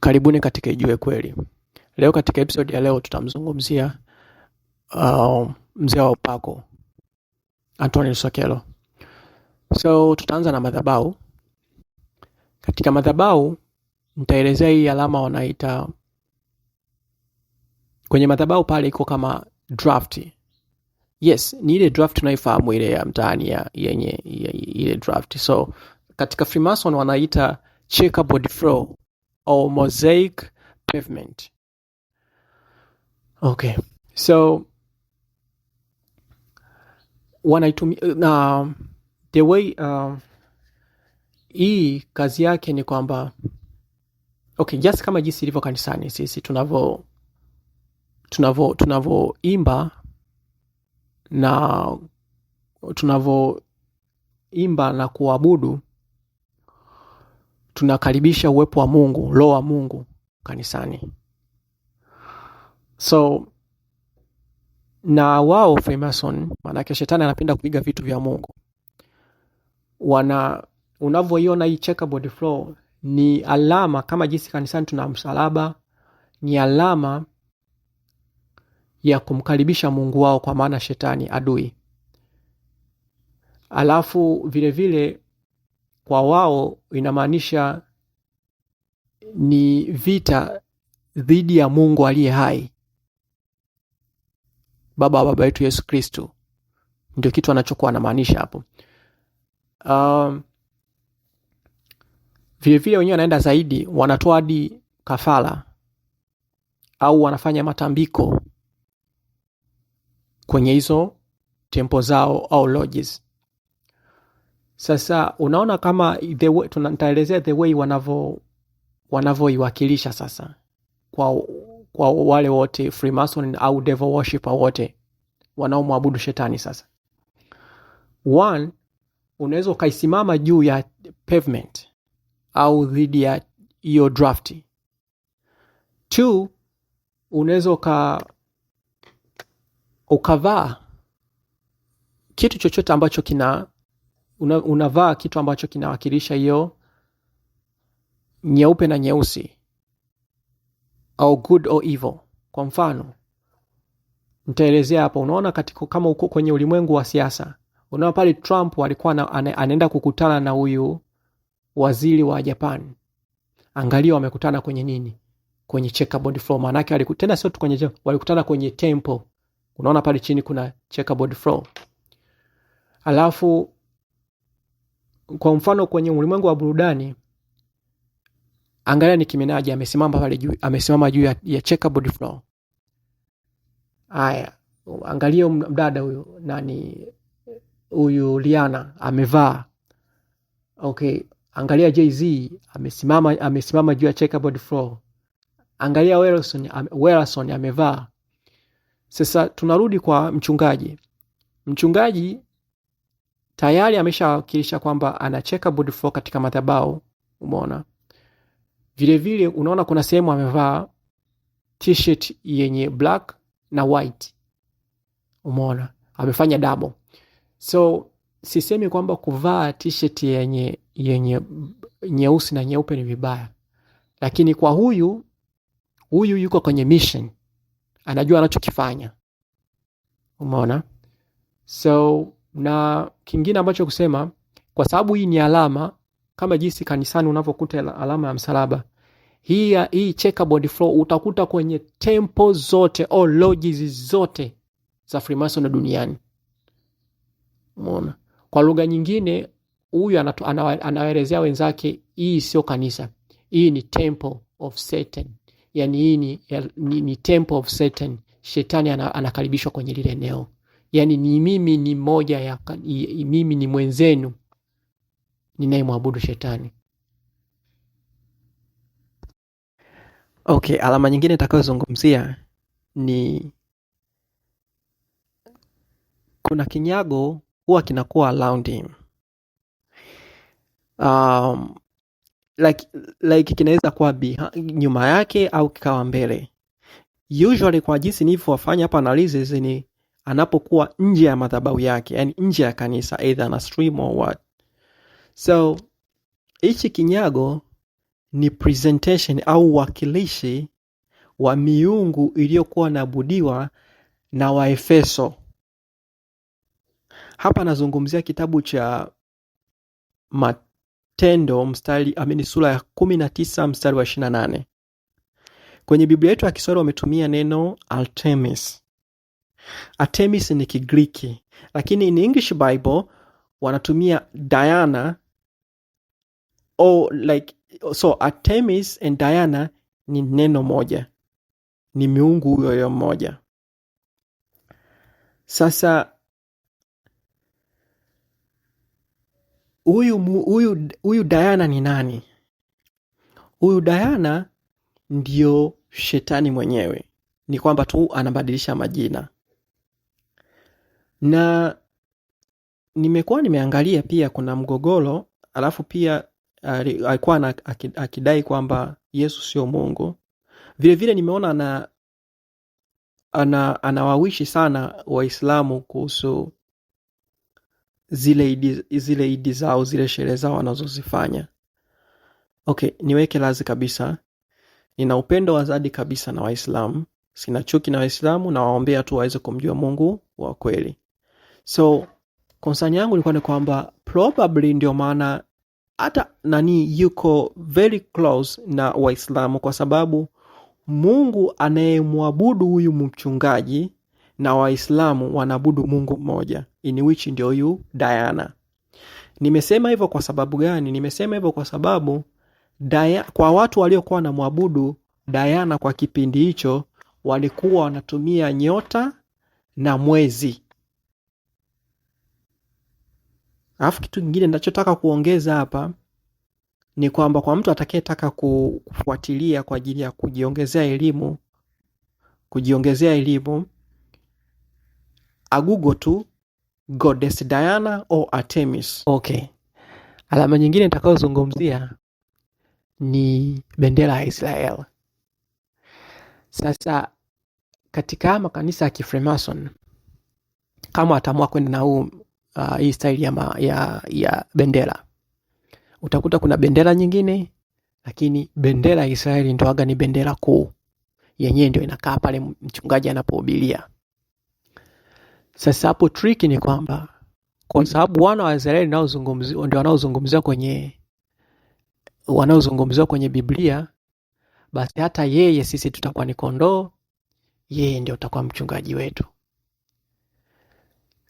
Karibuni katika Ijue Kweli. Leo katika episode ya leo tutamzungumzia uh, mzee wa upako antoni sokelo So tutaanza na madhabau Katika madhabau nitaelezea hii alama wanaita kwenye madhabau pale, iko kama draft. Yes, ni ile draft unaifahamu ile ya mtaani yenye ile draft. So katika Freemason wanaita checkerboard flow or mosaic pavement. Okay, so when I wanaitumia uh, na uh, the way uh, hii kazi yake ni kwamba okay, just kama jinsi ilivyo kanisani sisi tunavyo tunavyo tunavyoimba na tunavyoimba na kuabudu tunakaribisha uwepo wa Mungu, roho wa Mungu kanisani. So na wao Freemason, maanake shetani anapenda kupiga vitu vya Mungu. Wana unavyoiona hii checkerboard floor ni alama, kama jinsi kanisani tuna msalaba, ni alama ya kumkaribisha Mungu wao, kwa maana shetani adui. Alafu vilevile kwa wao inamaanisha ni vita dhidi ya Mungu aliye hai, baba wa baba yetu Yesu Kristo. Ndio kitu anachokuwa anamaanisha hapo. Um, vilevile wenyewe wanaenda zaidi, wanatoa hadi kafara au wanafanya matambiko kwenye hizo tempo zao au lodges. Sasa unaona kama the tunataelezea the way wanavyo wanavyoiwakilisha sasa kwa, kwa wale wote Freemason au devil worshiper wote wanaomwabudu shetani. Sasa one, unaweza ukaisimama juu ya pavement au dhidi ya hiyo draft. Two, unaweza uka ukavaa kitu chochote ambacho kina una, unavaa kitu ambacho kinawakilisha hiyo nyeupe na nyeusi au good or evil. Kwa mfano nitaelezea hapo. Unaona katika, kama uko kwenye ulimwengu wa siasa, unaona pale Trump alikuwa anaenda kukutana na huyu waziri wa Japan. Angalia wamekutana kwenye nini? Kwenye checkerboard floor. Maana yake tena sio tu kwenye, walikutana kwenye temple. Unaona pale chini kuna checkerboard floor, alafu kwa mfano kwenye ulimwengu wa burudani, angalia Nicki Minaj amesimama pale juu, amesimama juu ya, ya checkerboard floor. Haya, angalia um, mdada huyu nani, huyu Rihanna amevaa okay. Angalia Jay-Z amesimama, amesimama juu ya checkerboard floor. Angalia Wilson Wilson amevaa. Sasa tunarudi kwa mchungaji. Mchungaji tayari ameshawakilisha kwamba anacheka Budfo katika madhabahu. umona vilevile, unaona kuna sehemu amevaa t yenye black na white, umona amefanya dabo So sisemi kwamba kuvaa tshit yenye yenye nyeusi na nyeupe ni vibaya, lakini kwa huyu huyu yuko kwenye mission, anajua anachokifanya, umona so na kingine ambacho kusema, kwa sababu hii ni alama kama jinsi kanisani unavyokuta alama ya msalaba hii, hii checkerboard floor utakuta kwenye temple zote au lodges zote za Freemason duniani. Umeona? Kwa lugha nyingine huyu anawaelezea wenzake, hii sio kanisa, hii ni temple of Satan. Yani hii ni, ni, ni temple of Satan. Shetani anakaribishwa kwenye lile eneo yani ni mimi ni moja ya mimi ni mwenzenu ninayemwabudu shetani. Okay, alama nyingine itakayozungumzia ni kuna kinyago huwa kinakuwa around him. Um, like, like kinaweza kuwa nyuma yake au kikawa mbele. Usually kwa jinsi nilivyowafanya hapa analysis ni anapokuwa nje ya madhabahu yake, yani nje ya kanisa, either na stream or what. So hichi kinyago ni presentation au wakilishi wa miungu iliyokuwa nabudiwa na Waefeso. Hapa anazungumzia kitabu cha Matendo mstari amini sura ya kumi na tisa mstari wa 28 na nane. Kwenye Biblia yetu ya Kiswahili wametumia neno Artemis Artemis ni Kigiriki, lakini in English Bible wanatumia Diana or oh, like so Artemis and Diana ni neno moja, ni miungu huyo mmoja. Sasa huyu huyu huyu Diana ni nani? Huyu Diana ndio shetani mwenyewe, ni kwamba tu anabadilisha majina na nimekuwa nimeangalia pia kuna mgogoro alafu pia ah, alikuwa akidai kwamba Yesu sio Mungu. Vile vile nimeona ana, ana anawawishi sana Waislamu kuhusu zile idi, zile idi zao zile sherehe zao wanazozifanya. Okay, niweke lazi kabisa, nina upendo wa zadi kabisa na Waislamu, sina chuki na Waislamu, nawaombea tu waweze kumjua Mungu wa kweli. So concern yangu ilikuwa ni kwamba probably ndio maana hata nani yuko very close na Waislamu kwa sababu Mungu anayemwabudu huyu mchungaji na Waislamu wanaabudu Mungu mmoja, in which ndio huyu Diana. Nimesema hivyo kwa sababu gani? Nimesema hivyo kwa sababu Daya, kwa watu waliokuwa wanamwabudu Diana kwa kipindi hicho walikuwa wanatumia nyota na mwezi Alafu kitu kingine ninachotaka kuongeza hapa ni kwamba kwa mtu atakayetaka kufuatilia kwa ajili ya kujiongezea elimu, kujiongezea elimu agugo tu Goddess Diana au Artemis. Okay. Alama nyingine nitakayozungumzia ni bendera ya Israel. Sasa katika makanisa ya Kifremason kama ataamua kwenda na huu uh, hii staili ya, ma, ya, ya bendera. Utakuta kuna bendera nyingine, lakini bendera ya Israeli ndoaga ni bendera kuu yenyewe, ndio inakaa pale mchungaji anapohubiria. Sasa hapo trick ni kwamba kwa sababu wana wa Israeli ndio wanaozungumziwa kwenye wanaozungumziwa kwenye Biblia, basi hata yeye sisi tutakuwa ni kondoo, yeye ndio utakuwa mchungaji wetu.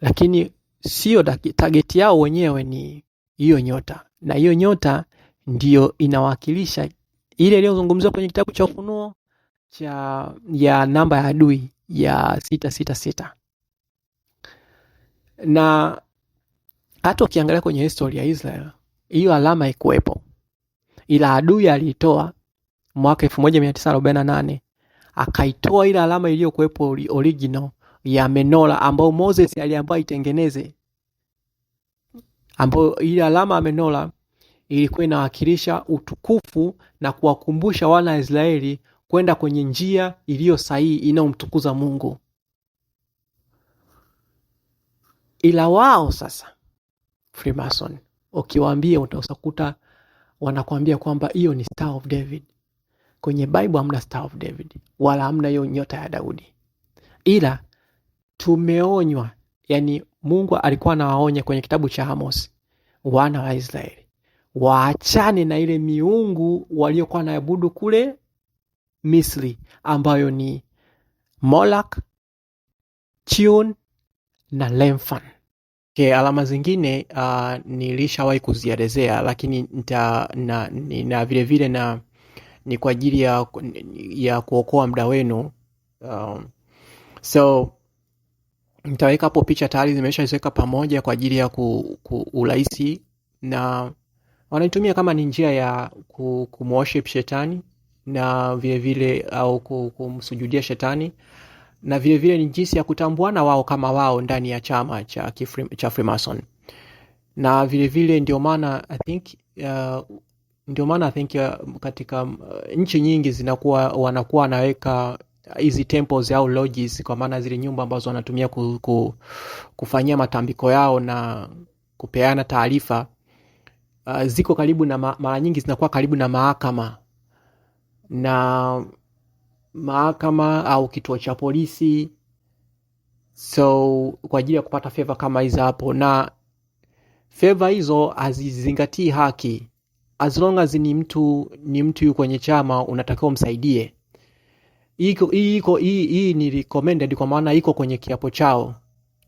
Lakini sio target yao wenyewe, ni hiyo nyota, na hiyo nyota ndiyo inawakilisha ile iliyozungumziwa kwenye kitabu cha Ufunuo cha ya namba ya adui ya sita sita sita. Na hata ukiangalia kwenye histori ya Israel hiyo alama ikuwepo ila adui aliitoa mwaka 1948 akaitoa ile alama iliyokuwepo original ya menola ambayo Moses aliambiwa itengeneze, ambayo ile alama ya menola ilikuwa inawakilisha utukufu na kuwakumbusha wana wa Israeli kwenda kwenye njia iliyo sahihi inayomtukuza Mungu. Ila wao sasa Freemason ukiwaambia, utakuta wanakuambia kwamba hiyo ni Star of David. Kwenye Bible hamna Star of David wala hamna hiyo nyota ya Daudi, ila tumeonywa, yani Mungu alikuwa anawaonya kwenye kitabu cha Amos wana wa Israeli waachane na ile miungu waliokuwa naabudu kule Misri, ambayo ni Molak, Chiun na Lemfan. Okay, alama zingine uh, nilishawahi kuzielezea, lakini na, vilevile na vile vile na ni kwa ajili ya, ya kuokoa muda wenu um, so Nitaweka hapo picha tayari zimeshaweka pamoja kwa ajili ya ku, ku, urahisi na wanaitumia kama ni njia ya ku, kumworship shetani na vilevile vile, au kumsujudia shetani na vilevile ni jinsi ya kutambuana wao kama wao ndani ya chama cha, cha Freemason na vilevile ndio maana I think uh, ndio maana I think uh, katika uh, nchi nyingi zinakuwa wanakuwa wanaweka hizi temples au lodges, kwa maana zile nyumba ambazo wanatumia ku, ku, kufanyia matambiko yao na kupeana taarifa uh, ziko karibu na ma, mara nyingi zinakuwa karibu na mahakama na mahakama au kituo cha polisi, so kwa ajili ya kupata feva kama hizo hapo, na feva hizo hazizingatii haki as long as ni mtu ni mtu yuko kwenye chama unatakiwa umsaidie. Hii ni recommended kwa maana iko kwenye kiapo chao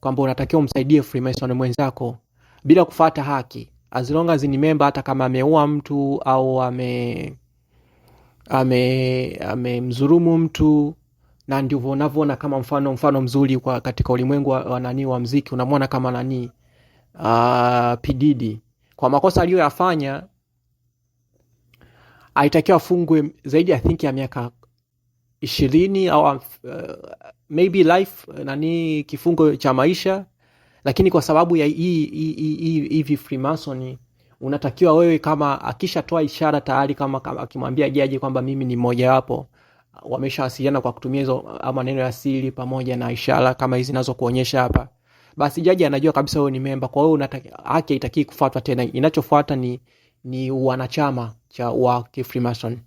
kwamba unatakiwa umsaidie Freemason mwenzako bila kufata haki, as long as ni memba, hata kama ameua mtu au ame amemdhulumu mtu na ndivyo unavyoona kama mfano mfano mzuri kwa katika ulimwengu wa nani wa mziki, unamwona kama nani uh, P kwa makosa aliyoyafanya aitakiwa afungwe zaidi I think ya miaka ishirini au uh, maybe life uh, nani kifungo cha maisha, lakini kwa sababu ya hivi Freemason unatakiwa wewe, kama akishatoa ishara tayari, kama, kama akimwambia jaji kwamba mimi ni mmojawapo, wameshawasiliana kwa kutumia hizo uh, maneno ya siri pamoja na ishara kama hizi nazokuonyesha hapa, basi jaji anajua kabisa wewe ni memba. Kwa hiyo haki haitakii kufuatwa tena, inachofuata ni, ni wanachama cha wa Freemason.